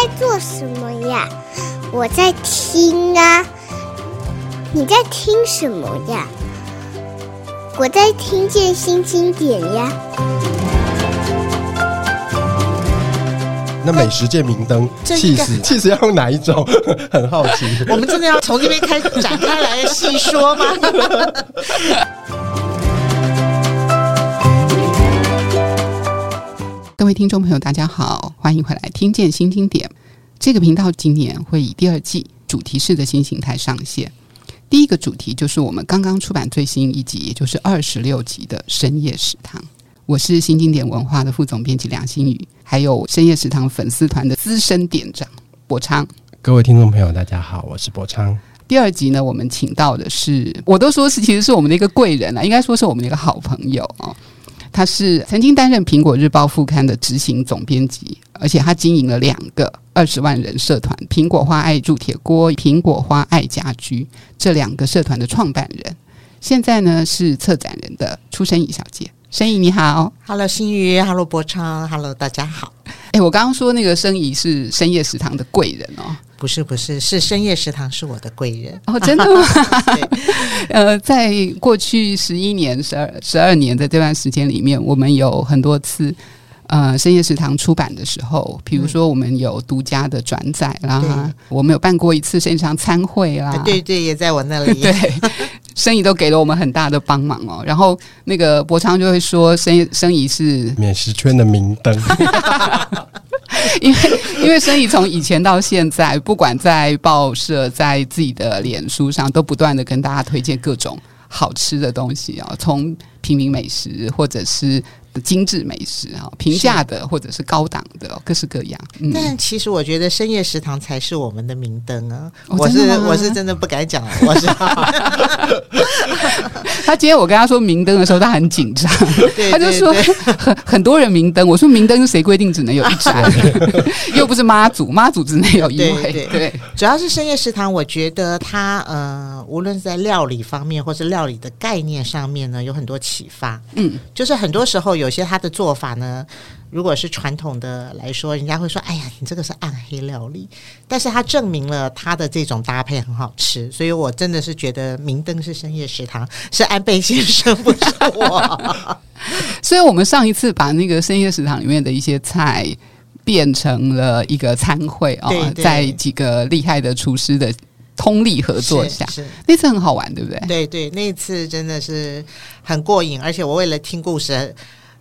你在做什麼呀？我在聽啊。你在聽什麼呀？我在聽見新經典呀。那美食界明燈，起司，起司要用哪一種？ 很好奇。 我們真的要從這邊開始展開來細說嗎？ 各位聽眾朋友，大家好，歡迎回來。聽見新經典這個頻道今年會以第二季主題式的新形態上線。第一個主題就是我們剛剛出版最新一集，也就是二十六集的《深夜食堂》。我是新經典文化的副總編輯梁新宇，還有《深夜食堂》粉絲團的資深店長博昌。各位聽眾朋友，大家好，我是博昌。第二集呢，我們請到的是，我都說是其實是我們的一個貴人了啊，應該說是我們的一個好朋友哦啊。他是曾經擔任《蘋果日報》副刊的執行總編輯，而且他經營了兩個二十萬人社團——蘋果花愛鑄鐵鍋、蘋果花愛家居這兩個社團的創辦人。現在呢，是策展人的初聲怡小姐。聲怡你好，Hello 新魚，Hello 博超，Hello 大家好。哎、欸，我剛剛說那個聲怡是深夜食堂的貴人哦。不是不是，是深夜食堂是我的貴人哦，真的嗎？ 對呃，在過去十一年、十二十二年的這段時間裡面，我們有很多次，呃，深夜食堂出版的時候，比如說我們有獨家的轉載啦，嗯、我們有辦過一次深上餐會啦，對對，對，也在我那裡。對 聲怡都給了我們很大的幫忙哦，然後那個博昌就會說聲：“聲怡是美食圈的明燈， 因為因為聲怡從以前到現在，不管在報社，在自己的臉書上，都不斷的跟大家推薦各種好吃的東西啊、哦，從平民美食或者是。”精緻美食啊，平價的或者是高檔的，各式各樣。但其實我覺得深夜食堂才是我們的明燈啊！我是我是真的不敢講，我是。他今天我跟他說明燈的時候，他很緊張，他就說很很多人明燈。我說明燈是誰規定只能有一盞？又不是媽祖，媽祖只能有一位。對對對，主要是深夜食堂，我覺得它呃，無論是在料理方面或是料理的概念上面呢，有很多啟發。嗯，就是很多時候有。有些他的做法呢，如果是傳統的來說，人家會說：“哎呀，你這個是暗黑料理。”但是他證明了他的這種搭配很好吃，所以我真的是覺得明燈是深夜食堂，是安倍先生不是我。 所以我們上一次把那個深夜食堂裡面的一些菜變成了一個餐會啊、哦，對對對，在幾個厲害的廚師的通力合作下，是，是那次很好玩，對不對？對，對對，那次真的是很過癮，而且我為了聽故事。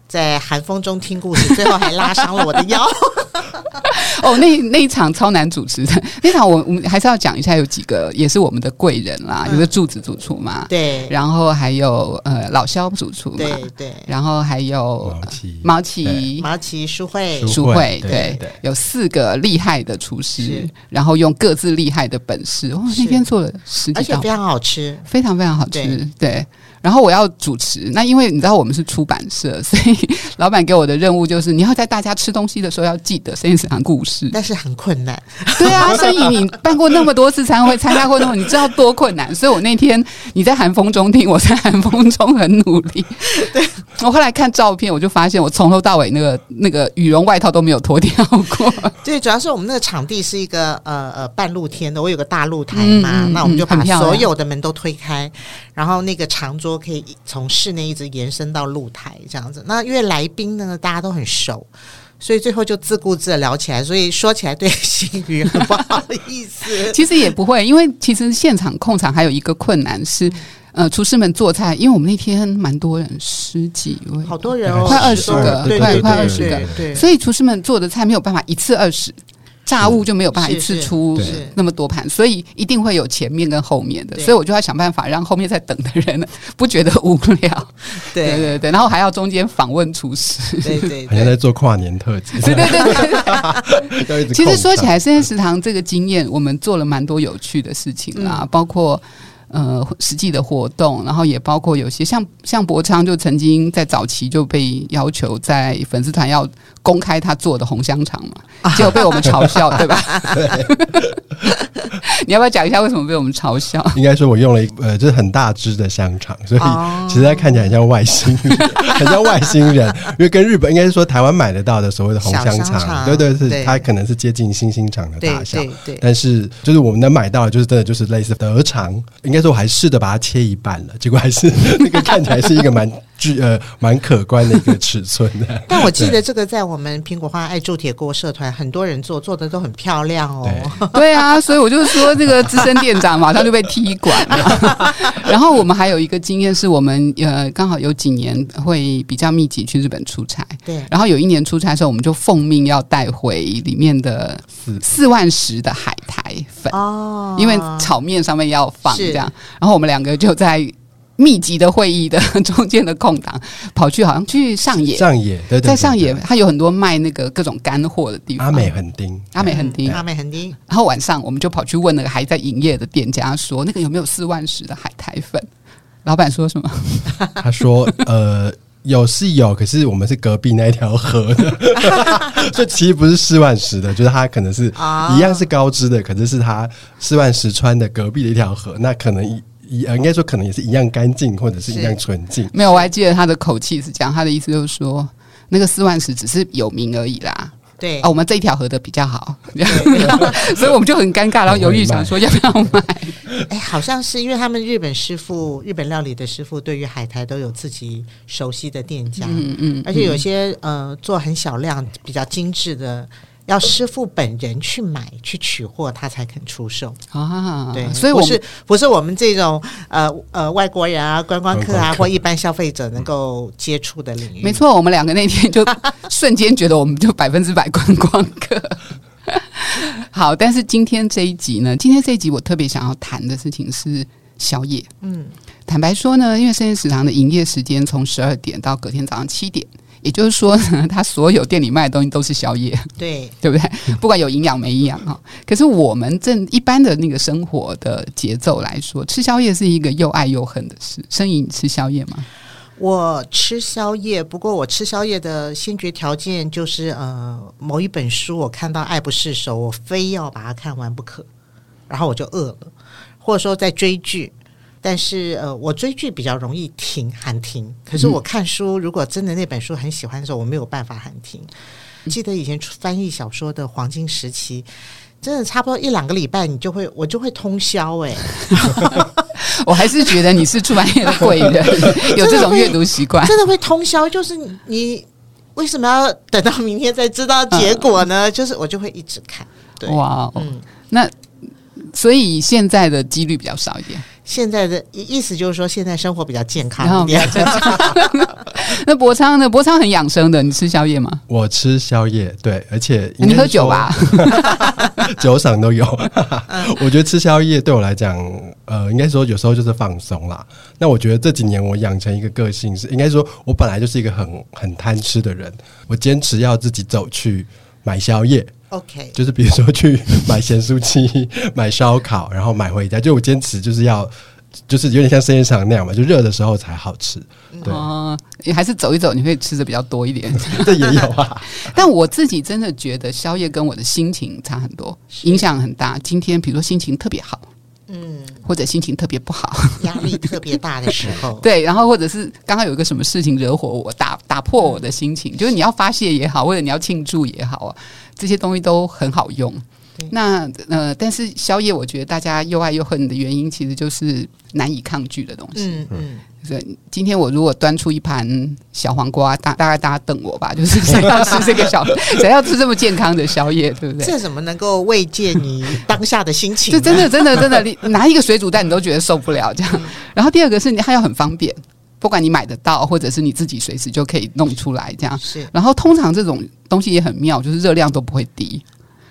在寒風中聽故事，最後還拉傷了我的腰。哦，那那一場超難主持的，那場我我們還是要講一下，有幾個也是我們的貴人啦，有個柱子主廚嘛，對，然後還有呃老肖主廚，對對，然後還有毛奇毛奇毛奇舒慧舒慧，對，有四個厲害的廚師，然後用各自厲害的本事，哦，那天做了十幾道，而且非常好吃，非常非常好吃，對。然後我要主持，那因為你知道我們是出版社，所以老闆給我的任務就是你要在大家吃東西的時候要記得聲是講故事，但是很困難。對啊， 所以你辦過那麼多次餐會，參加過那麼，你知道多困難。所以我那天你在寒風中聽，我在寒風中很努力。對，我後來看照片，我就發現我從頭到尾那個那個羽絨外套都沒有脫掉過。對，主要是我們那個場地是一個呃呃半露天的，我有個大露台嘛，嗯、那我們就把所有的門都推開，啊、然後那個長桌。可以從室內一直延伸到露台這樣子。那因為來賓呢，大家都很熟，所以最後就自顧自的聊起來。所以說起來對新宇很不好的意思。 其實也不會，因為其實現場控場還有一個困難是，呃，廚師們做菜，因為我們那天蠻多人，十幾位，好多人哦，快二十個，十多，對，對，對，對，快二十個，對，對，對，對。所以廚師們做的菜沒有辦法一次二十。炸物就沒有辦法一次出那麼多盤，所以一定會有前面跟後面的，所以我就要想辦法讓後面在等的人呢，不覺得無聊。對對對，然後還要中間訪問廚師，對對，好像在做跨年特輯。對對對，對其實說起來，深夜食堂這個經驗，我們做了蠻多有趣的事情啦，包括呃實際的活動，然後也包括有些像像博昌就曾經在早期就被要求在粉絲團要。公開他做的紅香腸嘛，結果被我們嘲笑，啊、對吧？對 你要不要講一下為什麼被我們嘲笑？應該說我用了一個呃，就是很大隻的香腸，所以其實它看起來很像外星人，哦、很像外星人， 因為跟日本應該是說台灣買得到的所謂的紅香腸，香腸對對，對是，對它可能是接近星星腸的大小，對對對但是就是我們能買到的就是真的就是類似德腸，應該說我還試着把它切一半了，結果還是那個看起來是一個蠻， 巨呃，蠻可觀的一個尺寸的。但我記得這個在我們蘋果花愛鑄鐵鍋社團，對很多人做做的都很漂亮哦對。對啊，所以我就說這個資深店長馬上就被踢館了。 然後我們還有一個經驗是，我們呃剛好有幾年會比較密集去日本出差。對。然後有一年出差的時候，我們就奉命要帶回裡面的四萬十的海苔粉哦，因為炒麵上面要放這樣。是然後我們兩個就在。密集的會議的中間的空檔，跑去好像去上野，上野，對對對在上野，他有很多賣那個各種乾貨的地方。阿美很丁，阿、啊、美很丁，阿美很丁。對對然後晚上我們就跑去問那個還在營業的店家說，說那個有沒有四萬十的海苔粉？老闆說什麼、嗯？他說：“呃，有是有，可是我們是隔壁那一條河的，這 其實不是四萬十的，就是他可能是、哦、一樣是高知的，可是是他四萬十川的隔壁的一條河，那可能一。”一，應該說可能也是一樣乾淨，或者是一樣純淨。沒有，我還記得他的口氣是這樣，他的意思就是說，那個四萬十只是有名而已啦。對、哦、我們這一條河的比較好，所以我們就很尷尬，然後猶豫想說要不要買。哎，好像是因為他們日本師傅，日本料理的師傅對於海苔都有自己熟悉的店家，嗯嗯，嗯而且有些、嗯、呃做很小量、比較精緻的。要師傅本人去買去取貨，他才肯出售啊！對，所以我不是不是我們這種呃呃外國人啊、觀光客啊客或一般消費者能夠接觸的領域。嗯、沒錯，我們兩個那天就瞬間覺得我們就百分之百觀光客。 好，但是今天這一集呢，今天這一集我特別想要談的事情是宵夜。嗯，坦白說呢，因為深夜食堂的營業時間從十二點到隔天早上七點。也就是說呢，他所有店裡賣的東西都是宵夜，對， 對不對？不管有營養沒營養啊。可是我們正一般的那個生活的節奏來說，吃宵夜是一個又愛又恨的事。聲怡，你吃宵夜嗎？我吃宵夜，不過我吃宵夜的先決條件就是，呃，某一本書我看到愛不釋手，我非要把它看完不可，然後我就餓了，或者說在追劇。但是呃，我追劇比較容易停喊停，可是我看書，嗯、如果真的那本書很喜歡的時候，我沒有辦法喊停。記得以前出翻譯小說的黃金時期，真的差不多一兩個禮拜，你就會我就會通宵哎、欸。 我還是覺得你是出版業的貴人， 有這種閱讀習慣，真的會通宵。就是你為什麼要等到明天才知道結果呢？呃、就是我就會一直看。對，哇、哦，嗯，那所以現在的幾率比較少一點。現在的意思就是說，現在生活比較健康。那博昌呢？博昌很養生的，你吃宵夜嗎？我吃宵夜，對，而且、啊、你喝酒吧， 酒廠都有。 嗯、我覺得吃宵夜對我來講，呃，應該說有時候就是放鬆啦。那我覺得這幾年我養成一個個性是，應該說我本來就是一個很很貪吃的人，我堅持要自己走去買宵夜。OK，就是比如說去買鹹酥雞、 買燒烤，然後買回家。就我堅持就是要，就是有點像生鮮廠那樣嘛，就熱的時候才好吃。對你、嗯嗯、 還是走一走，你會吃的比較多一點。 這也有啊， 但我自己真的覺得宵夜跟我的心情差很多，是影響很大。今天比如說心情特別好，嗯，或者心情特別不好，壓力特別大的時候， 對，然後或者是剛剛有一個什麼事情惹火我，打打破我的心情，嗯、就是你要發洩也好，或者你要慶祝也好啊。這些東西都很好用，那呃，但是宵夜我覺得大家又愛又恨的原因，其實就是難以抗拒的東西。嗯嗯，嗯所以今天我如果端出一盤小黃瓜，大大概大家瞪我吧，就是誰要吃這個小，誰 要吃這麼健康的宵夜，對不對？這怎麼能夠慰藉你當下的心情？這真的真的真的，真的真的你拿一個水煮蛋你都覺得受不了這樣。嗯、然後第二個是你，它又很方便。不管你買得到，或者是你自己隨時就可以弄出來這樣。是，是，然後通常這種東西也很妙，就是熱量都不會低。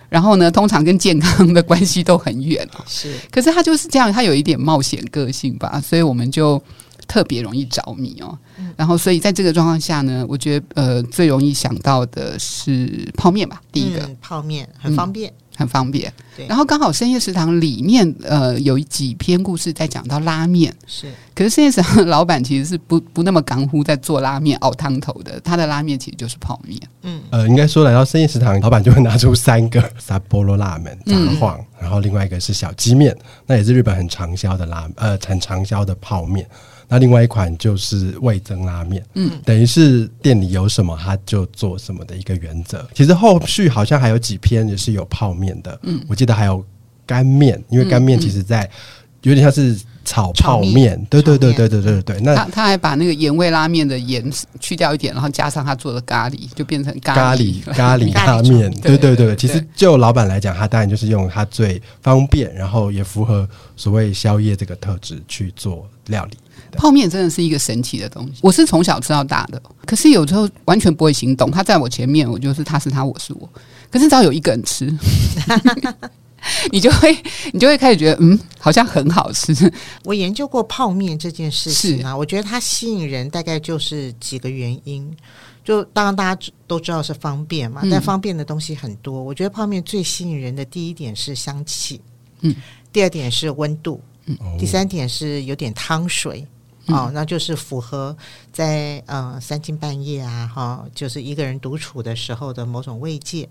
然後呢，通常跟健康的關係都很遠，啊、是，可是它就是這樣，它有一點冒險個性吧，所以我們就特別容易着迷哦。嗯、然後，所以在這個狀況下呢，我覺得呃，最容易想到的是泡麵吧，第一個、嗯、泡麵很方便。嗯很方便，對然後剛好深夜食堂裡面，呃，有幾篇故事在講到拉麵，是。可是深夜食堂的老闆其實是不不那麼干乎，在做拉麵熬湯頭的，他的拉麵其實就是泡麵，嗯。呃，應該說，來到深夜食堂，老闆就會拿出三個沙菠蘿拉麵，札幌，然後另外一個是小雞麵，嗯、那也是日本很暢銷的拉呃，很暢銷的泡麵。那另外一款就是味噌拉麵，嗯，等於是店裡有什麼他就做什麼的一個原則。其實後續好像還有幾篇也是有泡麵的，嗯，我記得還有乾麵，因為乾麵其實在有點像是炒泡麵，嗯嗯、對對對對對對對。炒麵。那他，他還把那個鹽味拉麵的鹽去掉一點，然後加上他做的咖喱，就變成咖喱咖喱， 咖喱拉麵。對對對，其實就老板來講，他當然就是用他最方便，然後也符合所謂宵夜這個特質去做料理。對泡麵真的是一個神奇的東西，我是從小吃到大的。可是有時候完全不會心動，他在我前面，我就是他是他，我是我。可是只要有一個人吃， 你就會你就會開始覺得，嗯，好像很好吃。我研究過泡麵這件事情啊，是我覺得它吸引人，大概就是幾個原因。就當然大家都知道是方便嘛，嗯，但方便的東西很多。我覺得泡麵最吸引人的第一點是香氣，嗯，第二點是溫度。嗯、第三點是有點湯水、嗯、哦，那就是符合在呃三更半夜啊哈，哦，就是一個人獨處的時候的某種慰藉。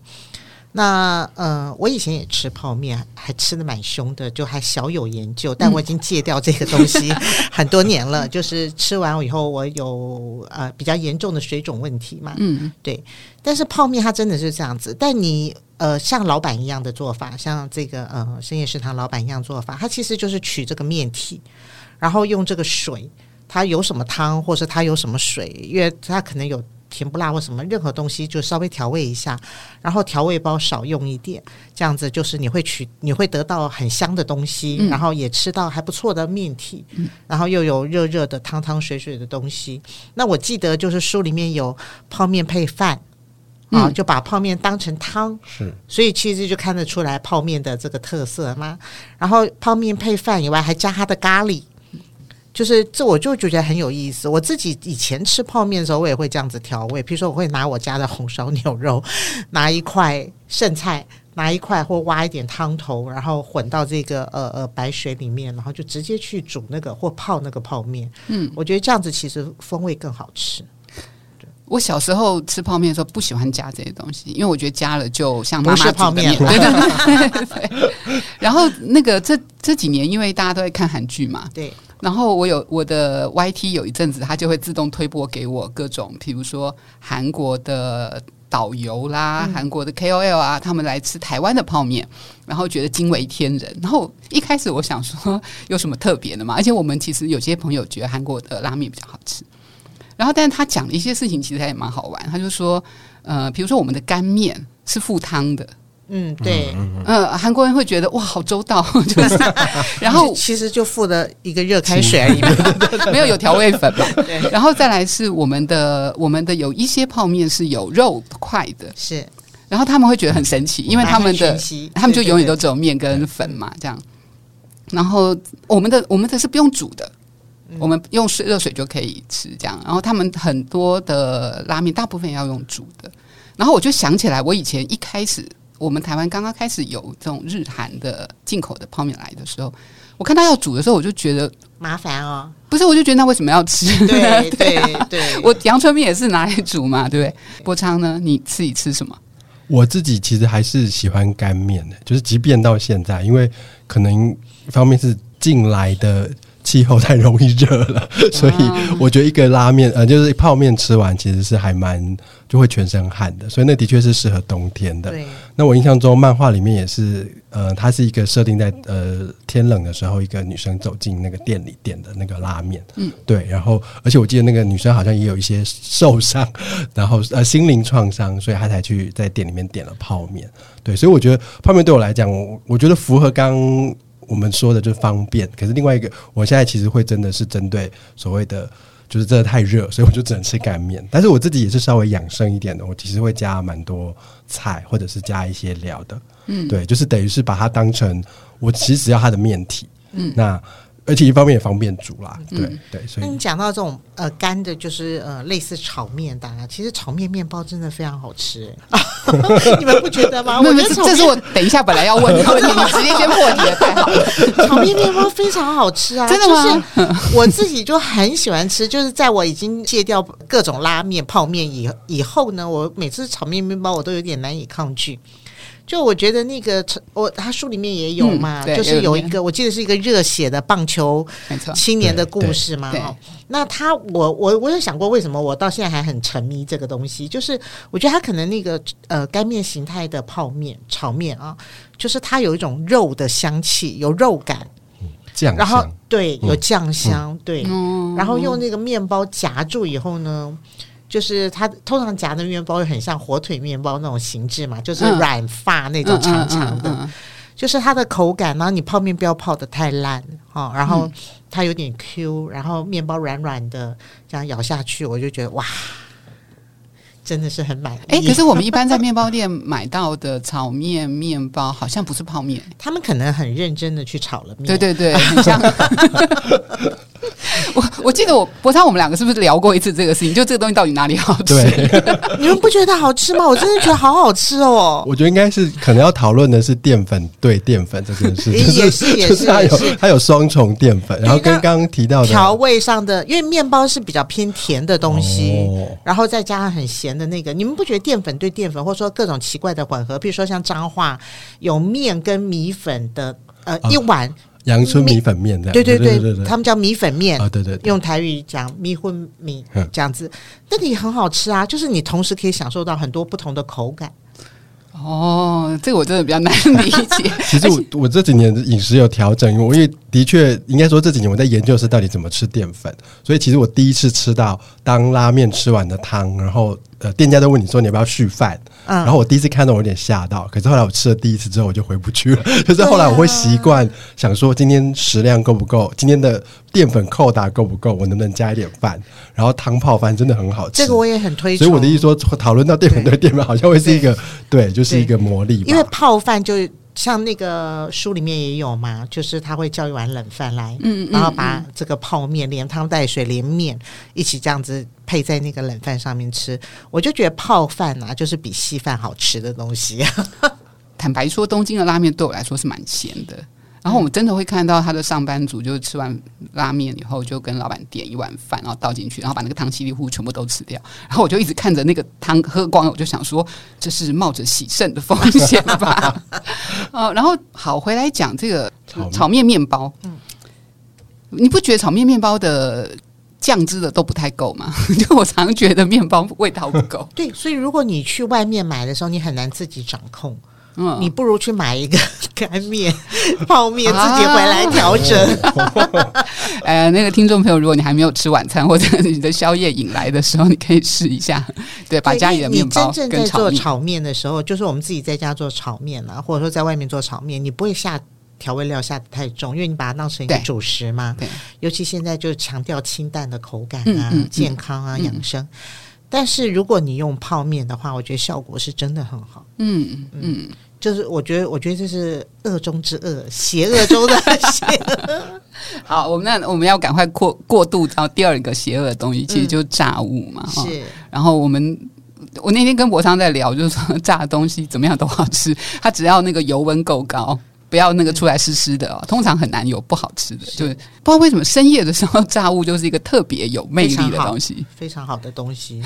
那呃，我以前也吃泡麵，還吃的蠻兇的，就還小有研究，但我已經戒掉這個東西很多年了。嗯、 就是吃完以後，我有呃比較嚴重的水腫問題嘛。嗯，對。但是泡麵它真的是這樣子，但你。呃，像老闆一樣的做法，像這個呃深夜食堂老闆一樣做法，它其實就是取這個麵體，然後用這個水，它有什麼湯，或是它有什麼水，因為它可能有甜不辣或什麼任何東西，就稍微調味一下，然後調味包少用一點，這樣子就是你會取，你會得到很香的東西，然後也吃到還不錯的麵體，然後又有熱熱的湯湯水水的東西。那我記得就是書裡面有泡麵配飯。啊，就把泡麵當成湯，是，嗯，所以其實就看得出來泡麵的這個特色嘛。然後泡麵配飯以外，還加它的咖喱就是這我就覺得很有意思。我自己以前吃泡麵的時候，我也會這樣子調味。比如說，我會拿我家的紅燒牛肉，拿一塊剩菜，拿一塊或挖一點湯頭，然後混到這個呃呃白水裡面，然後就直接去煮那個或泡那個泡麵。嗯，我覺得這樣子其實風味更好吃。我小時候吃泡麵的時候不喜歡加這些東西，因為我覺得加了就像媽媽煮的麵，不是泡麵。對對對。 然後那個這這幾年，因為大家都在看韓劇嘛，對。然後我有我的 YT 有一陣子，他就會自動推播給我各種，比如說韓國的導遊啦、嗯、韓國的 KOL 啊，他們來吃台灣的泡麵，然後覺得驚為天人。然後一開始我想說有什麼特別的嘛，而且我們其實有些朋友覺得韓國的拉麵比較好吃。然後，但是他講了一些事情，其實還蠻好玩。他就說，呃，比如說我們的乾麵是附湯的，嗯，對，嗯嗯嗯、呃，韓國人會覺得哇，好周到，就是。然後其實就附的一個熱開水而已，其沒有有調味粉嘛。 對然後再來是我們的，我們的有一些泡麵是有肉塊的，是對。然後他們會覺得很神奇，嗯、因為他們的們他們就永遠都只有麵跟粉嘛，對對對，這樣。然後我們的我們的是不用煮的。我們用水熱水就可以吃，這樣。然後他們很多的拉麵，大部分要用煮的。然後我就想起來，我以前一開始我們台灣剛剛開始有這種日韓的進口的泡麵來的時候，我看他要煮的時候，我就覺得麻煩哦。不是，我就覺得那為什麼要吃呢？對對對， 我陽春麵也是拿來煮嘛，對不對？波昌呢？你自己吃什麼？我自己其實還是喜歡乾麵的，就是即便到現在，因為可能一方面是進來的。氣候太容易熱了，所以我覺得一個拉麵，呃，就是泡麵吃完其實是還蠻就會全身汗的，所以那的確是適合冬天的。對那我印象中漫畫裡面也是，呃，它是一個設定在呃天冷的時候，一個女生走進那個店裡點的那個拉麵，嗯，對。然後而且我記得那個女生好像也有一些受傷，然後呃心靈創傷，所以她才去在店裡面點了泡麵。對，所以我覺得泡麵對我來講，我我覺得符合剛。我們說的就方便，可是另外一個，我現在其實會真的是針對所謂的，就是真的太熱，所以我就只能吃乾麵。但是我自己也是稍微養生一點的，我其實會加蠻多菜，或者是加一些料的。嗯，對，就是等於是把它當成我其實只要它的麵體。嗯，那。而且一方面也方便煮啦，對、嗯、對。所以那你講到這種呃乾的，就是呃類似炒麵大家其實炒麵麵包真的非常好吃， 你們不覺得嗎？ 我覺就得這是我等一下本來要問的，你 你直接先破題，太好了。 炒麵麵包非常好吃啊，真的嗎？我自己就很喜歡吃，就是在我已經戒掉各種拉麵、泡麵以以後呢，我每次炒麵麵包我都有點難以抗拒。就我覺得那個我、哦、他書裡面也有嘛，嗯、就是有一個有我記得是一個熱血的棒球青年的故事嘛。哦、那他我我我有想過為什麼我到現在還很沉迷這個東西，就是我覺得他可能那個呃乾麵形態的泡麵炒麵啊、哦，就是它有一種肉的香氣，有肉感，嗯、醬香，然後對、嗯、有醬香，嗯、對，嗯、然後用那個麵包夾住以後呢。就是它通常夾的麵包又很像火腿麵包那種形制嘛，就是軟發那種長長的，嗯嗯嗯嗯嗯、就是它的口感。然後你泡麵不要泡得太爛，哦，然後它有點 Q，然後麵包軟軟的，這樣咬下去，我就覺得哇，真的是很滿意。哎、欸，可是我們一般在麵包店買到的炒麵麵包好像不是泡麵， 他們可能很認真的去炒了麵。對對對，很像。 我我記得我，昨天我們兩個是不是聊過一次這個事情？就這個東西到底哪裡好吃？對 你們不覺得它好吃嗎？我真的覺得好好吃哦！ 我覺得應該是可能要討論的是澱粉對澱粉這件事，就是就是它有它有雙重澱粉，然後跟剛剛提到調味上的，因為麵包是比較偏甜的東西，哦、然後再加上很鹹的那個，你們不覺得澱粉對澱粉，或者說各種奇怪的混合，譬如說像彰化，有麵跟米粉的呃一碗。啊陽春米粉麵，對對對，對，他們叫米粉麵，哦、對對，對，用台語講米粉米這樣子，那你很好吃啊，就是你同時可以享受到很多不同的口感。哦，這個我真的比較難理解。 其實我我這幾年飲食有調整，因為的確應該說這幾年我在研究是到底怎麼吃澱粉，所以其實我第一次吃到當拉麵吃完的湯，然後呃，店家都問你說你要不要續飯。嗯，然後我第一次看到我有點嚇到，可是後來我吃了第一次之後我就回不去了。可、就是後來我會習慣想說，今天食量夠不夠？今天的澱粉扣打夠不夠？我能不能加一點飯？然後湯泡飯真的很好吃，這個我也很推崇。所以我的意思說，討論到澱粉對澱粉，好像會是一個對，對，就是一個魔力，因為泡飯就。像那個書裡面也有嘛，就是他會叫一碗冷飯來，嗯、然後把這個泡麵連湯帶水連麵一起這樣子配在那個冷飯上面吃，我就覺得泡飯啊就是比稀飯好吃的東西。 坦白說，東京的拉麵對我來說是蠻鹹的。然後我們真的會看到他的上班族，就吃完拉面以後，就跟老闆點一碗飯，然後倒進去，然後把那個湯稀里呼嚕全部都吃掉。然後我就一直看着那個湯喝光，我就想說，這是冒着洗腎的風險吧？哦、 呃，然後好，回來講這個炒麵，炒面面包，嗯，你不覺得炒面面包的醬汁的都不太夠嗎？ 就我常覺得面包味道不夠。 對，所以如果你去外面買的時候，你很難自己掌控。嗯、你不如去買一個乾麵、泡麵，自己回來調整。呃，那個聽眾朋友，如果你還沒有吃晚餐或者你的宵夜癮來的時候，你可以試一下。對，對，把家裡的麵包跟炒麵，真正做炒麵的時候，就是我們自己在家做炒麵啊，或者說在外面做炒麵，你不會下調味料下得太重，因為你把它當成一個主食嘛。對，對，尤其現在就強調清淡的口感啊，嗯、健康啊，嗯、養生。嗯嗯但是如果你用泡面的話，我覺得效果是真的很好。嗯嗯，就是我覺得，我覺得這是惡中之惡，邪惡中的邪惡。 好，我們那我們要趕快過過渡到第二個邪惡的東西，其實就是炸物嘛。嗯、吼是，然後我們我那天跟博昌在聊，就是說炸的東西怎麼樣都好吃，他只要那個油溫夠高。不要那個出來濕濕的哦，通常很難有不好吃的，是就是不知道為什麼深夜的時候炸物就是一個特別有魅力的東西，非常,非常好的東西，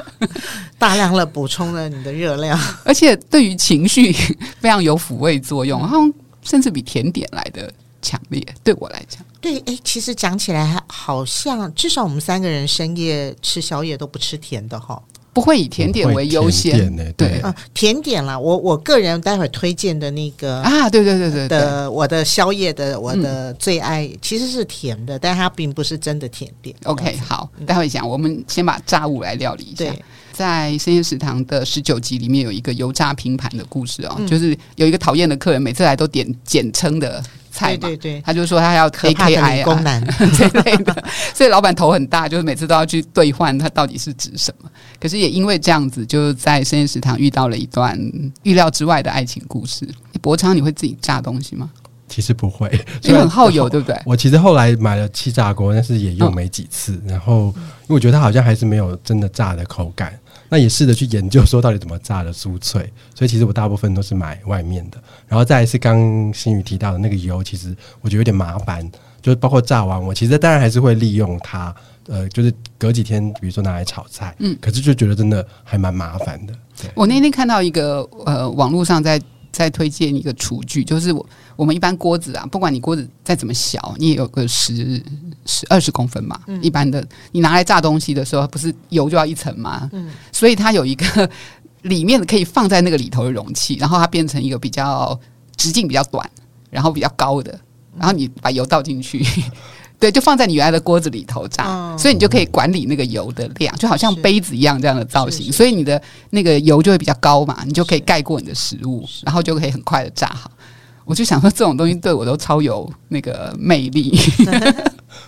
大量的補充了你的熱量，而且對於情緒非常有撫慰作用，然後甚至比甜點來的強烈。對我來講，對，哎，其實講起來好像至少我們三個人深夜吃宵夜都不吃甜的哈、哦。不會以甜點為優先，對甜點了、欸對啊。我我個人待會兒推薦的那個啊，對對對對的，對我的宵夜的我的最愛、嗯、其實是甜的，但它並不是真的甜點。OK，好，待會兒講。嗯、我們先把炸物來料理一下。對在深夜食堂的十九集裡面有一個油炸拼盤的故事哦，嗯、就是有一個討厭的客人，每次來都點簡稱的。菜對對，對他就說他要 A K I 啊之類的，所以老闆頭很大，就是每次都要去兌換，他到底是指什麼？可是也因為這樣子，就在深夜食堂遇到了一段預料之外的愛情故事。博昌，你會自己炸東西嗎？其實不會，就因為很耗油，對不對？我其實後來買了氣炸鍋，但是也用沒幾次，哦、然後因為我覺得它好像還是沒有真的炸的口感。那也試着去研究說到底怎麼炸的酥脆，所以其實我大部分都是買外面的，然後再來是剛新宇提到的那個油，其實我覺得有點麻煩，就是包括炸完我其實當然還是會利用它，呃，就是隔幾天比如說拿來炒菜，嗯，可是就覺得真的還蠻麻煩的、嗯。我那天看到一個呃網絡上在在推薦一個廚具，就是我。我們一般鍋子啊，不管你鍋子再怎麼小，你也有個十十二十公分嘛。嗯、一般的，你拿來炸東西的時候，不是油就要一層嘛。嗯、所以它有一個裡面可以放在那個裡頭的容器，然後它變成一個比較直徑比較短，然後比較高的，然後你把油倒進去，嗯、 對，就放在你原來的鍋子裡頭炸，哦、所以你就可以管理那個油的量，就好像杯子一樣這樣的造型，所以你的那個油就會比較高嘛，你就可以蓋過你的食物，然後就可以很快的炸好。我就想說，這種東西對我都超有那個魅力。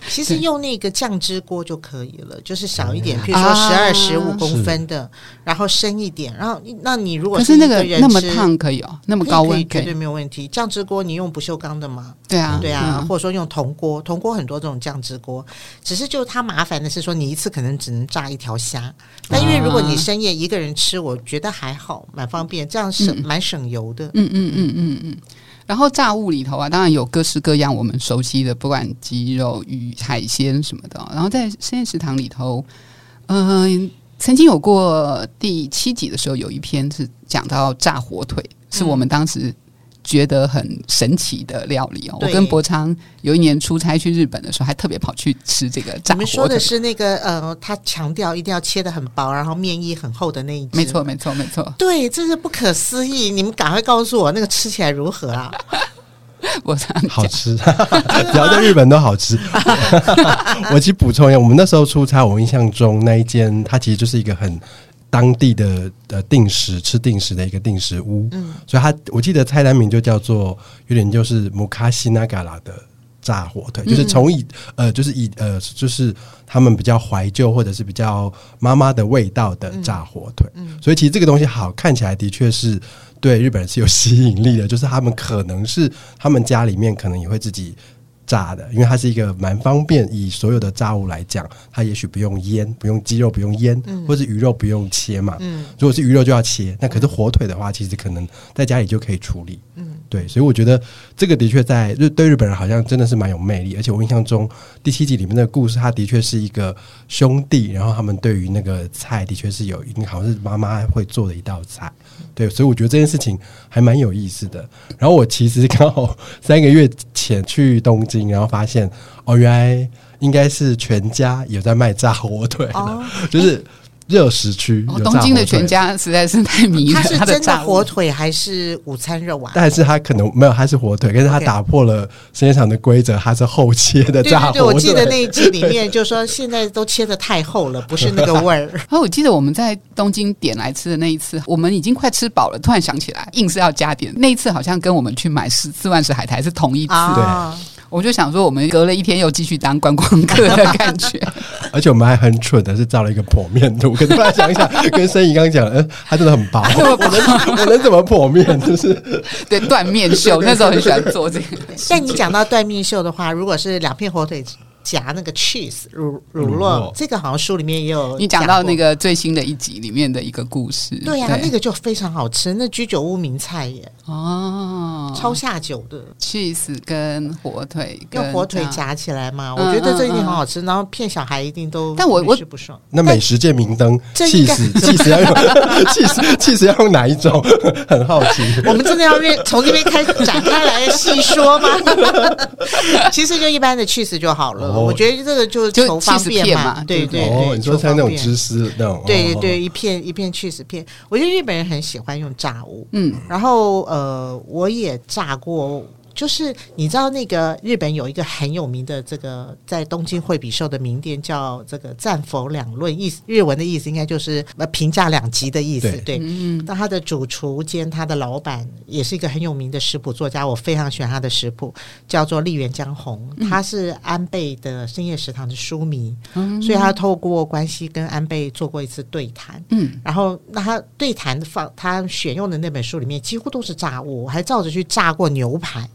其實用那個醬汁鍋就可以了，就是小一點，比如說十二、十五公分的，嗯啊、然後深一點，是然後那你如果是一個人吃，可，那個、那麼燙可以哦，那麼高溫絕對沒有問題。醬汁鍋你用不鏽鋼的嗎？對啊，對啊，嗯、或者說用銅鍋，銅鍋很多這種醬汁鍋，只是就是它麻煩的是說，你一次可能只能炸一條蝦。那因為如果你深夜一個人吃，我覺得還好，蠻方便，這樣省蠻、嗯、省油的。嗯嗯嗯嗯嗯。嗯嗯嗯嗯嗯然後炸物裡頭啊，當然有各式各樣我們熟悉的，不管雞肉、魚、海鮮什麼的。然後在深夜食堂裡頭，嗯、呃，曾經有過第七集的時候，有一篇是講到炸火腿，是我們當時，覺得很神奇的料理哦！對我跟博昌有一年出差去日本的時候，還特別跑去吃這個炸。你們說的是那個呃，他強調一定要切得很薄，然後麵衣很厚的那一。沒錯，沒錯，沒錯。對，這是不可思議！你們趕快告訴我，那個吃起來如何啊？博 昌講好吃，只要在日本都好吃。 我去補充一下，我們那時候出差，我印象中那一間，它其實就是一個很。當地的呃定食，吃定食的一個定食屋，嗯，所以它我記得菜單名就叫做有點就是莫卡西那嘎拉的炸火腿，嗯、就是從以呃就是以呃就是他們比較懷舊或者是比較媽媽的味道的炸火腿，嗯，所以其實這個東西好看起來的確是對日本人是有吸引力的，就是他們可能是他們家裡面可能也會自己。炸的，因為它是一個蠻方便。以所有的炸物來講，它也許不用醃，不用雞肉不用醃，嗯、或是魚肉不用切嘛。嗯、如果是魚肉就要切，嗯、那可是火腿的話，其實可能在家裡就可以處理。嗯。對，所以我覺得這個的確在日對日本人好像真的是蠻有魅力，而且我印象中第七集裡面的故事，他的確是一個兄弟，然後他們對於那個菜的確是有一定，好像是媽媽會做的一道菜。對，所以我覺得這件事情還蠻有意思的。然後我其實剛好三個月前去東京，然後發現哦，原來應該是全家有在賣炸火腿了，oh. 就是。熱食區、哦，東京的全家實在是太迷人，他是真的火腿還是午餐肉啊？但是它可能沒有，它是火腿，但是它打破了生產場的規則，它是厚切的炸，對。對對，對，我記得那一季裡面就是說，現在都切的太厚了，不是那個味兒。啊、 哦，我記得我們在東京點來吃的那一次，我們已經快吃飽了，突然想起來，硬是要加點。那一次好像跟我們去買十四萬石海苔是同一次。哦對我就想說，我們隔了一天又繼續當觀光客的感覺， 而且我們還很蠢的是照了一個剖面圖，跟大家講一下，跟聲怡剛講，嗯、呃，他真的很薄，薄我能我能怎麼剖面？就是對，斷面秀，那時候很喜歡做這個。但你講到斷面秀的話，如果是兩片火腿子。夾那個 cheese 乳乳酪，這個好像書裡面也有。你講到那個最新的一集裡面的一個故事。對呀，那個就非常好吃，那居酒屋名菜耶，哦，超下酒的 cheese 跟火腿，用火腿夾起來嘛，我覺得這一點很好吃，然後騙小孩一定都，但我我不爽。那美食界明燈 cheese，cheese 要用。cheese 要用哪一種？很好奇。我們真的要認從這邊開展開來細說嗎？其實就一般的 cheese 就好了。我覺得這個就是求方便嘛，就嘛對對對，你說像那種對對，一片一片起司片，我覺得日本人很喜歡用炸物。嗯，然後呃，我也炸過。就是你知道那個日本有一個很有名的這個在東京惠比壽的名店叫這個“戰否兩論”，意思日文的意思應該就是呃評價兩極的意思。對，嗯，那他的主廚兼他的老闆也是一個很有名的食譜作家，我非常喜歡他的食譜，叫做立原江紅。他是安倍的深夜食堂的書迷，嗯、所以他透過關係跟安倍做過一次對談。嗯，然後那他對談的放他選用的那本書裡面幾乎都是炸物，我還照着去炸過牛排。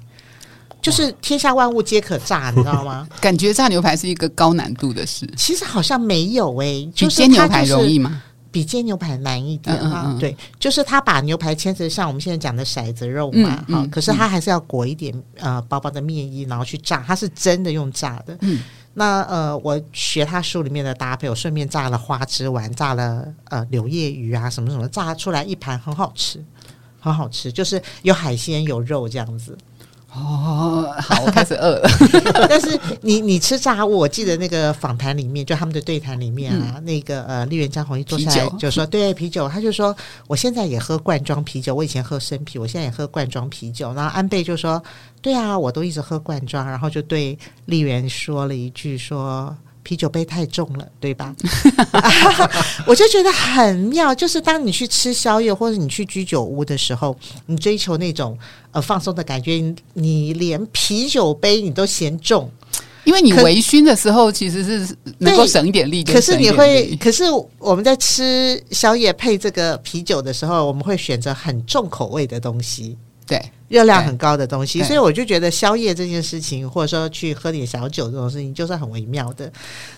就是天下萬物皆可炸，你知道嗎？ 感覺炸牛排是一個高難度的事。其實好像沒有誒、欸，就是,就是煎牛排容易嗎？比煎牛排難一點嗯,嗯,嗯，對，就是他把牛排切成像我們現在講的骰子肉嘛，哈、嗯嗯嗯，可是他還是要裹一點呃薄薄的麵衣，然後去炸，他是真的用炸的。嗯，那呃，我學他書裡面的搭配，我順便炸了花枝丸，炸了呃柳葉魚啊，什麼什麼，炸出來一盤很好吃，很好吃，就是有海鮮有肉這樣子。哦，好，我開始餓了。 但是你你吃炸物，我記得那個訪談裡面，就他們的對談裡面啊，嗯、那個呃，麗媛張紅一坐下來就說，啤酒對啤酒，他就說，我現在也喝罐裝啤酒，我以前喝生啤，我現在也喝罐裝啤酒。然後安倍就說，對啊，我都一直喝罐裝，然後就對麗媛說了一句說。啤酒杯太重了，對吧？ 啊，我就覺得很妙，就是當你去吃宵夜或者你去居酒屋的時候，你追求那種呃放鬆的感覺，你連啤酒杯你都嫌重，因為你微醺的時候可其實是能夠省一點力。對便省一點力，可是你會，可是我們在吃宵夜配這個啤酒的時候，我們會選擇很重口味的東西。對，對，對，對熱量很高的東西，所以我就覺得宵夜這件事情，或者說去喝點小酒這種事情，就是很微妙的。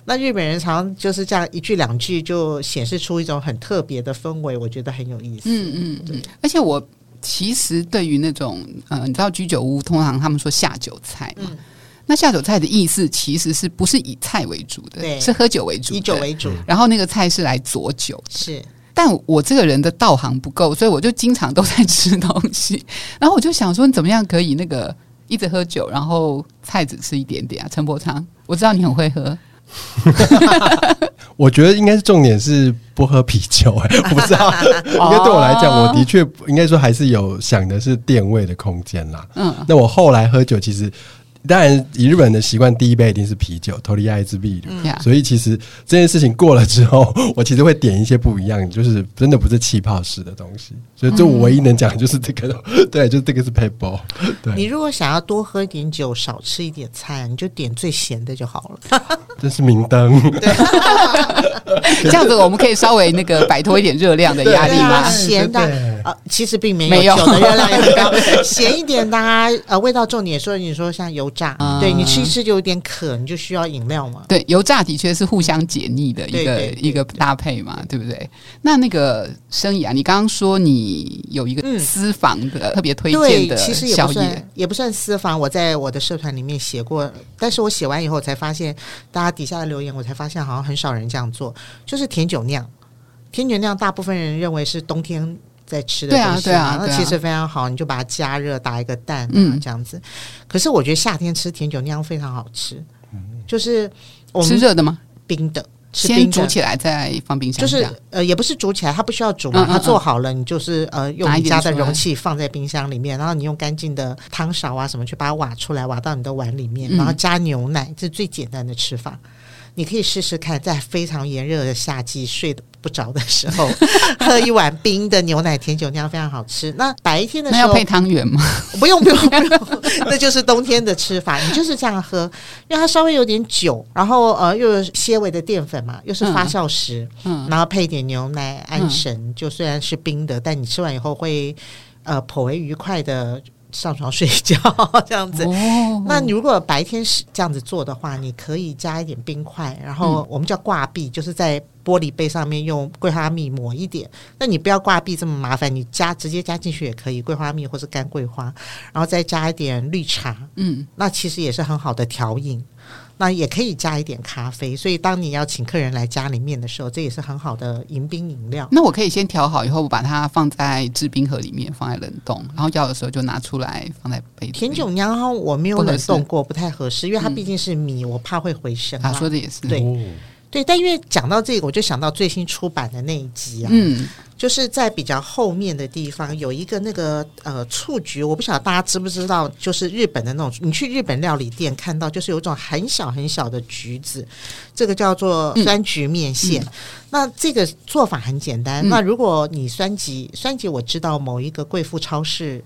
那日本人常常就是這樣一句兩句就顯示出一種很特別的氛圍，我覺得很有意思。嗯嗯嗯。嗯嗯對而且我其實對於那種，呃，你知道居酒屋，通常他們說下酒菜嘛。嗯、那下酒菜的意思其實是不是以菜為主的，對是喝酒為主，以酒為主，嗯、然後那個菜是來佐酒是。但我這個人的道行不夠，所以我就經常都在吃東西。然後我就想說，你怎麼樣可以那個一直喝酒，然後菜只吃一點點啊？陳伯昌，我知道你很會喝。 我覺得應該是重點是不喝啤酒哎、欸，我不知道， 應該對我來講，我的確應該說還是有想的是店位的空間啦。嗯，那我後來喝酒其實。當然，以日本人的習慣，第一杯一定是啤酒，頭裡愛之幣。所以，其實這件事情過了之後，我其實會點一些不一樣，就是真的不是氣泡式的東西。所以，就我唯一能講的就是這個，嗯、對，就是這個是 p a p a l 對，你如果想要多喝一點酒，少吃一點菜，啊，你就點最鹹的就好了。這是明燈。這樣子，我們可以稍微那個擺脫一點熱量的壓力嗎。鹹、啊就是、的啊對、呃，其實並沒有酒的熱量也不高， 鹹一點的啊，呃、味道重點。所以你說像油、炸，對，你吃一吃就有點渴，你就需要飲料嘛。嗯、對，油炸的確是互相解膩的一個一個搭配嘛，對不對？那那個聲怡啊，你剛剛說你有一個私房的、嗯、特別推薦的宵夜。其實也不算私房，我在我的社團裡面寫過，但是我寫完以後才發現，大家底下的留言，我才發現好像很少人這樣做，就是甜酒釀，甜酒釀，大部分人認為是冬天。在吃的東西啊對啊對啊，啊，那其實非常好，啊、你就把它加熱，打一個蛋，嗯，這樣子。可是我覺得夏天吃甜酒釀非常好吃，嗯、就是吃熱的嗎？冰的，吃冰的，先煮起來再放冰箱。就是呃，也不是煮起來，它不需要煮嘛，嗯嗯嗯，它做好了你就是呃，用一點在容器，放在冰箱裡面，然後你用乾淨的湯勺啊什麼去把它挖出來，挖到你的碗裡面，嗯、然後加牛奶，這是最簡單的吃法。你可以試試看，在非常炎熱的夏季睡不著的時候，喝一碗冰的牛奶甜酒，那樣非常好吃。那白天的時候，那要配湯圓嗎？不用，不用，那就是冬天的吃法。你就是這樣喝，因為它稍微有點酒，然後呃，又有些微的澱粉嘛，又是發酵食，嗯，嗯，然後配一點牛奶安神，就雖然是冰的，但你吃完以後會呃頗為愉快的。上床睡覺這樣子，哦，那你如果白天是這樣子做的話，你可以加一點冰塊，然後我們叫掛壁，就是在玻璃杯上面用桂花蜜抹一點。那你不要掛壁這麼麻煩，你加直接加進去也可以，桂花蜜或是乾桂花，然後再加一點綠茶，嗯，那其實也是很好的調飲。那也可以加一點咖啡，所以當你要請客人來家裡面的時候，這也是很好的迎賓飲料。那我可以先調好以後，我把它放在制冰盒裡面，放在冷凍，然後要的時候就拿出來放在杯裡。甜酒釀我沒有冷凍過，不太合適，合適，因為它畢竟是米，嗯、我怕會回生。他說的也是對，哦、對。但因為講到這個，我就想到最新出版的那一集啊。嗯就是在比較後面的地方有一個那個呃醋橘，我不曉得大家知不知道，就是日本的那種，你去日本料理店看到就是有一種很小很小的橘子，這個叫做酸橘面線。嗯嗯、那這個做法很簡單，嗯、那如果你酸橘酸橘，我知道某一個貴婦超市。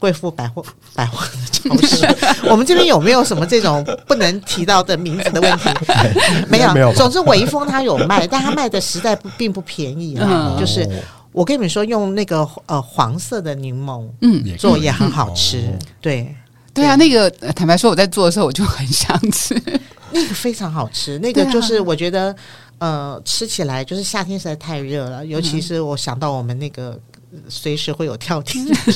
貴婦百貨百貨超市， 真的嗎 我們這邊有沒有什麼這種不能提到的名字的問題？ 哎、沒有，沒有，總之，微風他有賣， 但他賣的實在不並不便宜啊。嗯、就是我跟你們說，用那個呃黃色的檸檬，嗯，做也很好吃。嗯、對，嗯、對，對啊，那個坦白說，我在做的時候我就很想吃。 那個非常好吃，那個就是我覺得，呃，吃起來就是夏天實在太熱了，尤其是我想到我們那個。隨時會有跳停 ，所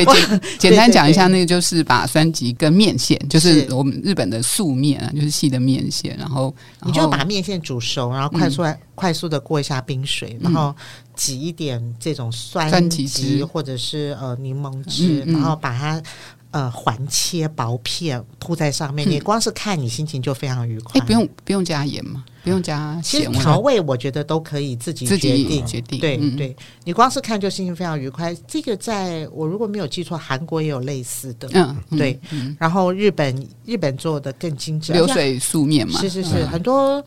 以簡簡單講一下，那個就是把酸橘跟麵線，對對對，就是我們日本的素麵啊，就是細的麵線，然後，然後你就把麵線煮熟，然後快速、嗯、快速的過一下冰水，然後擠一點這種酸橘汁或者是呃檸檬汁，嗯嗯、然後把它呃環切薄片鋪在上面，嗯、你光是看你心情就非常愉快。欸、不用不用加鹽嗎？不用加，其實調味我覺得都可以自己決定，決定對對。你光是看就心情非常愉快。這個在我如果沒有記錯，韓國也有類似的，嗯對，然後日本日本做的更精緻，流水素麵嘛，是是是，很多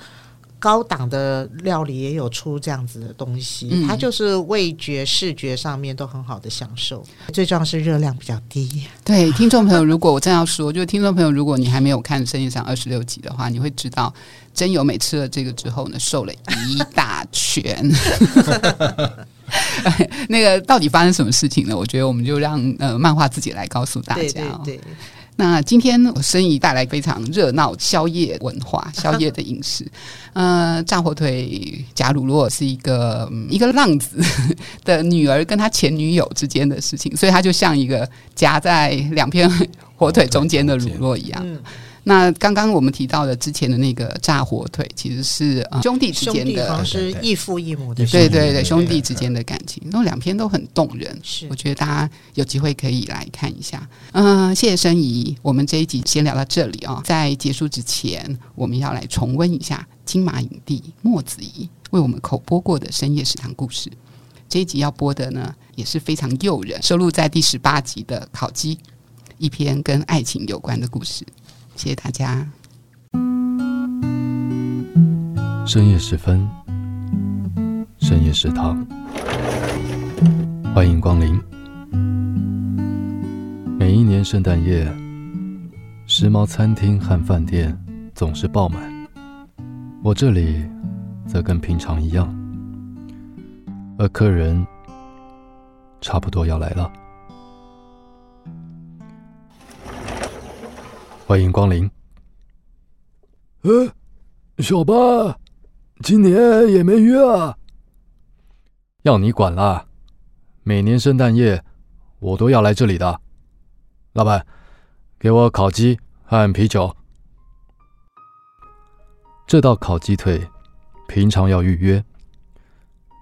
高檔的料理也有出這樣子的東西，它就是味覺視覺上面都很好的享受，最重要是熱量比較低。對，聽眾朋友，如果我正要說，就聽眾朋友，如果你還沒有看《深夜食堂》二十六集的話，你會知道。真由美吃了這個之後呢，瘦了一大圈。 那個到底發生什麼事情呢？我覺得我們就讓呃漫畫自己來告訴大家。哦，對，對，對那今天我聲怡帶來非常熱鬧宵夜文化，宵夜的飲食。啊、哈呃，炸火腿夾乳酪是一個、嗯、一個浪子的女兒跟他前女友之間的事情，所以他就像一個夾在兩片火腿中間的乳酪一樣。那剛剛我們提到的之前的那個炸火腿，其實是、呃、兄弟之間的，是異父異母的，對對對，對對對兄弟之間的感情，那對兩篇都很動人，是對我覺得大家有機會可以來看一下。嗯是、呃，謝謝聲怡，我們這一集先聊到這裡哦。在結束之前，我們要來重溫一下金馬影帝莫子儀為我們口播過的《深夜食堂》故事。這一集要播的呢也是非常誘人，收錄在第十八集的烤雞，一篇跟愛情有關的故事。謝謝大家。深夜時分，深夜食堂，歡迎光臨。每一年聖誕夜，時髦餐廳和飯店總是爆滿，我這裡則跟平常一樣，而客人差不多要來了。歡迎光臨。嗯，小巴，今年也沒約啊？要你管了！每年聖誕夜我都要來這裡的。老闆，給我烤雞和啤酒。這道烤雞腿平常要預約，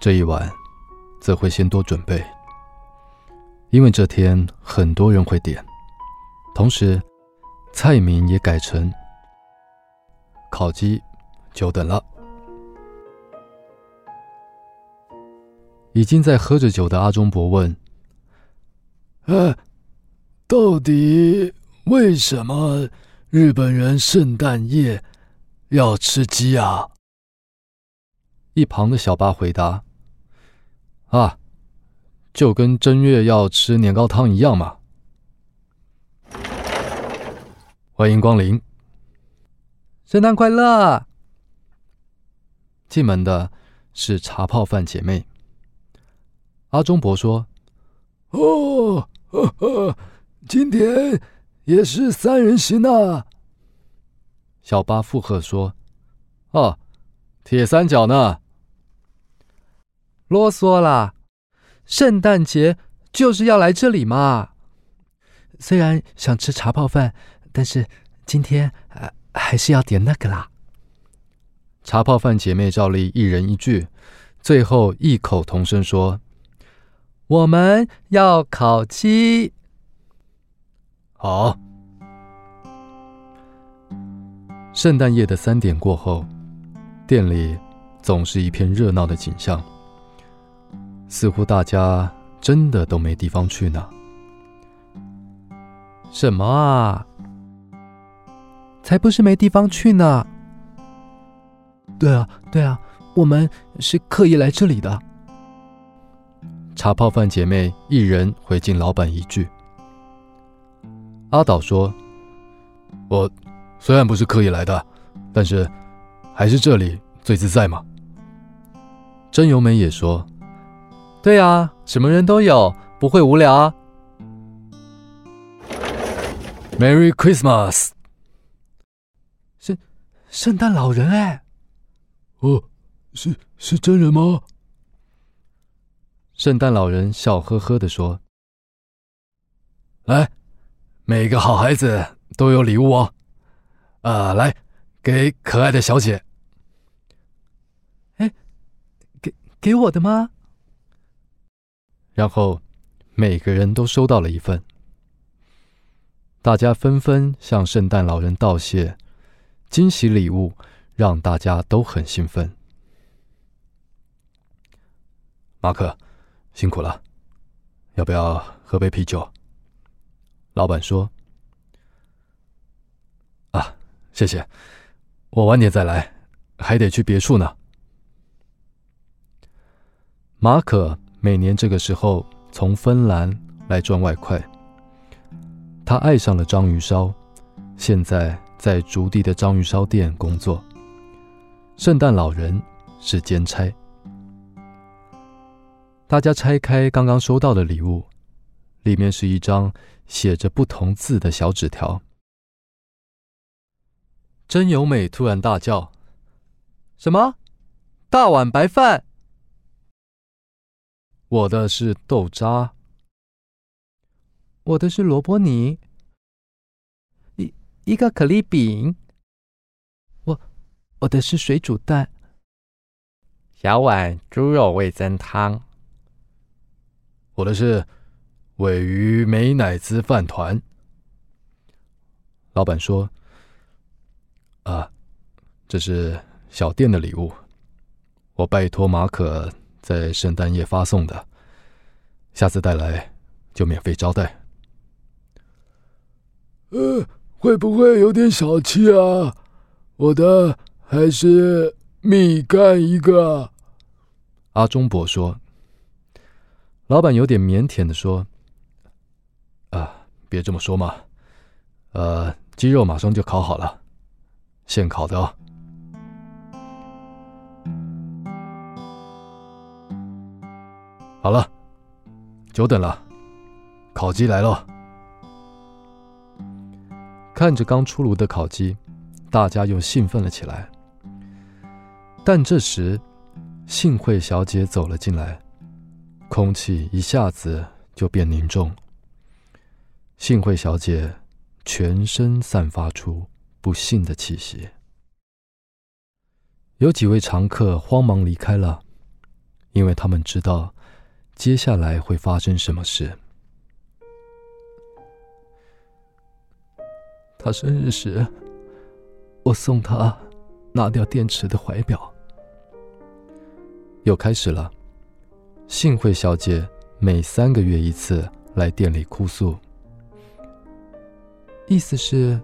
這一晚則會先多準備，因為這天很多人會點，同時，菜名也改成烤雞，久等了。已經在喝着酒的阿忠伯問：“呃、啊、到底為什麼日本人聖誕夜要吃雞啊？”一旁的小八回答：“啊，就跟正月要吃年糕湯一樣嘛。”歡迎光臨，聖誕快樂！進門的是茶泡飯姐妹。阿忠伯說：“哦呵呵，今天也是三人行啊。”小巴附和說：“哦、啊，鐵三角呢？囉嗦啦！聖誕節就是要來這裡嘛。雖然想吃茶泡飯。”但是今天還是要點那個啦。茶泡飯姐妹照例一人一句，最後異口同聲說：“我們要烤雞。”好。聖誕夜的三點過後，店裡總是一片熱鬧的景象，似乎大家真的都沒地方去呢。什麼啊？才不是沒地方去呢！對啊，對啊，我們是刻意來這裡的。茶泡飯姐妹一人回敬老板一句：“阿島說，我雖然不是刻意來的，但是還是這裡最自在嘛。”真由美也說：“對啊，什麼人都有，不會無聊啊。”Merry Christmas。聖誕老人哎，哦，是是真人嗎？聖誕老人笑呵呵的說：“來，每個好孩子都有禮物哦。啊，來，給可愛的小姐。哎，給給我的嗎？”然後，每個人都收到了一份。大家紛紛向聖誕老人道謝。驚喜禮物讓大家都很興奮。馬可，辛苦了，要不要喝杯啤酒？老闆說：“啊，謝謝，我晚點再來，還得去別處呢。”馬可每年這個時候從芬蘭來賺外快，他愛上了章魚燒，現在，在竹地的章魚燒店工作，聖誕老人是兼差。大家拆開剛剛收到的禮物，裡面是一張寫着不同字的小紙條。真由美突然大叫：“什麼？大碗白飯！我的是豆渣，我的是蘿蔔泥。”一個可樂餅，我我的是水煮蛋，小碗豬肉味噌湯，我的是鮪魚美乃滋飯糰。老闆說：“啊，這是小店的禮物，我拜托馬可在聖誕夜發送的，下次帶來就免費招待。”呃。會不會有點小氣啊？我的還是蜜柑一個。阿忠伯說：“老闆有點靦腆的說，啊，別這麼說嘛，呃，雞肉馬上就烤好了，現烤的哦。好了，久等了，烤雞來嘍。”看着剛出爐的烤雞，大家又興奮了起來。但這時，幸會小姐走了進來，空氣一下子就變凝重。幸會小姐全身散發出不幸的氣息。有幾位常客慌忙離開了，因為他們知道接下來會發生什麼事。他生日時，我送他拿掉電池的懷錶。又開始了，幸會小姐每三個月一次來店裡哭訴。意思是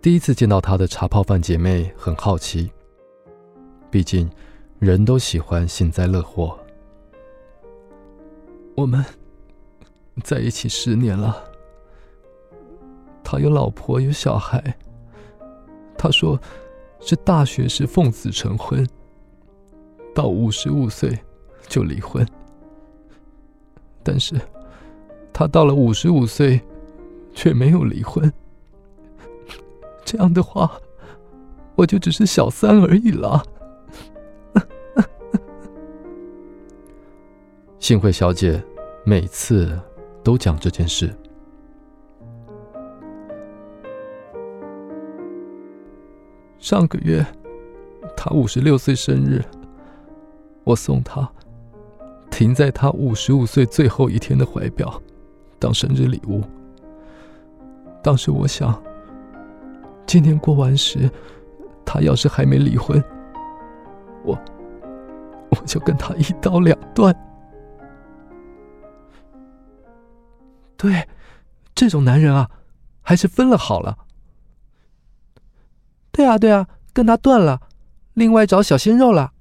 第一次見到她的茶泡飯姐妹很好奇，畢竟人都喜歡幸災樂禍。我們在一起十年了。他有老婆有小孩，他說是大學時奉子成婚，到五十五歲就離婚，但是他到了五十五歲卻沒有離婚，這樣的話我就只是小三而已啦。 幸會小姐，每次都講這件事。上個月，他五十六歲生日，我送他停在他五十五歲最後一天的懷錶當生日禮物。當時我想，今天過完時，他要是還沒離婚，我我就跟他一刀兩斷。對，這種男人啊，還是分了好了。對啊，對啊，跟他斷了，另外找小鮮肉了。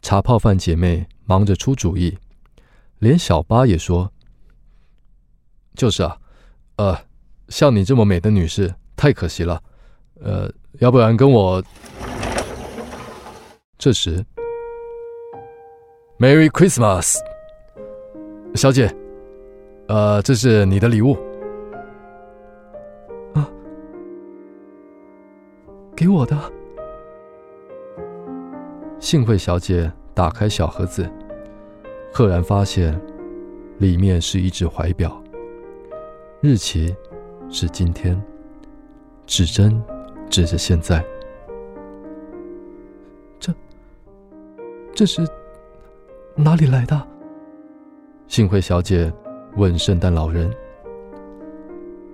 茶泡飯姐妹忙着出主意，連小八也說：“就是啊，呃，像你這麼美的女士太可惜了，呃，要不然跟我。”這時，Merry Christmas，小姐，呃，這是你的禮物。給我的，幸會小姐打開小盒子，赫然發現裡面是一只懷表，日期是今天，指針指着現在，這這是哪裡來的？幸會小姐問聖誕老人：“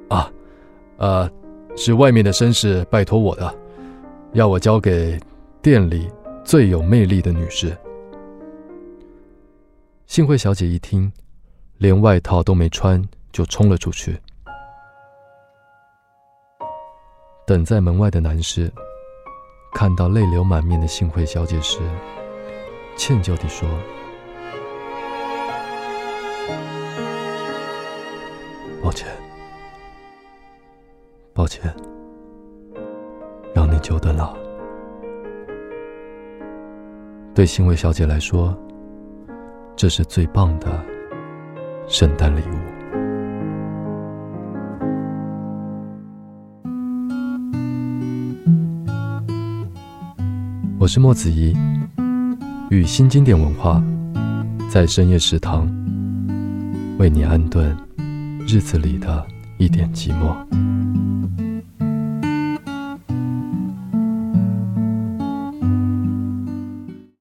啊，呃，是外面的紳士拜托我的。”要我交給店裡最有魅力的女士，幸惠小姐一聽，連外套都沒穿就衝了出去。等在門外的男士看到淚流滿面的幸惠小姐時，歉疚地說：“抱歉，抱歉。”讓你久等了。對新維小姐來說，這是最棒的聖誕禮物。我是莫子儀，與新經典文化在深夜食堂，為你安頓日子裡的一點寂寞。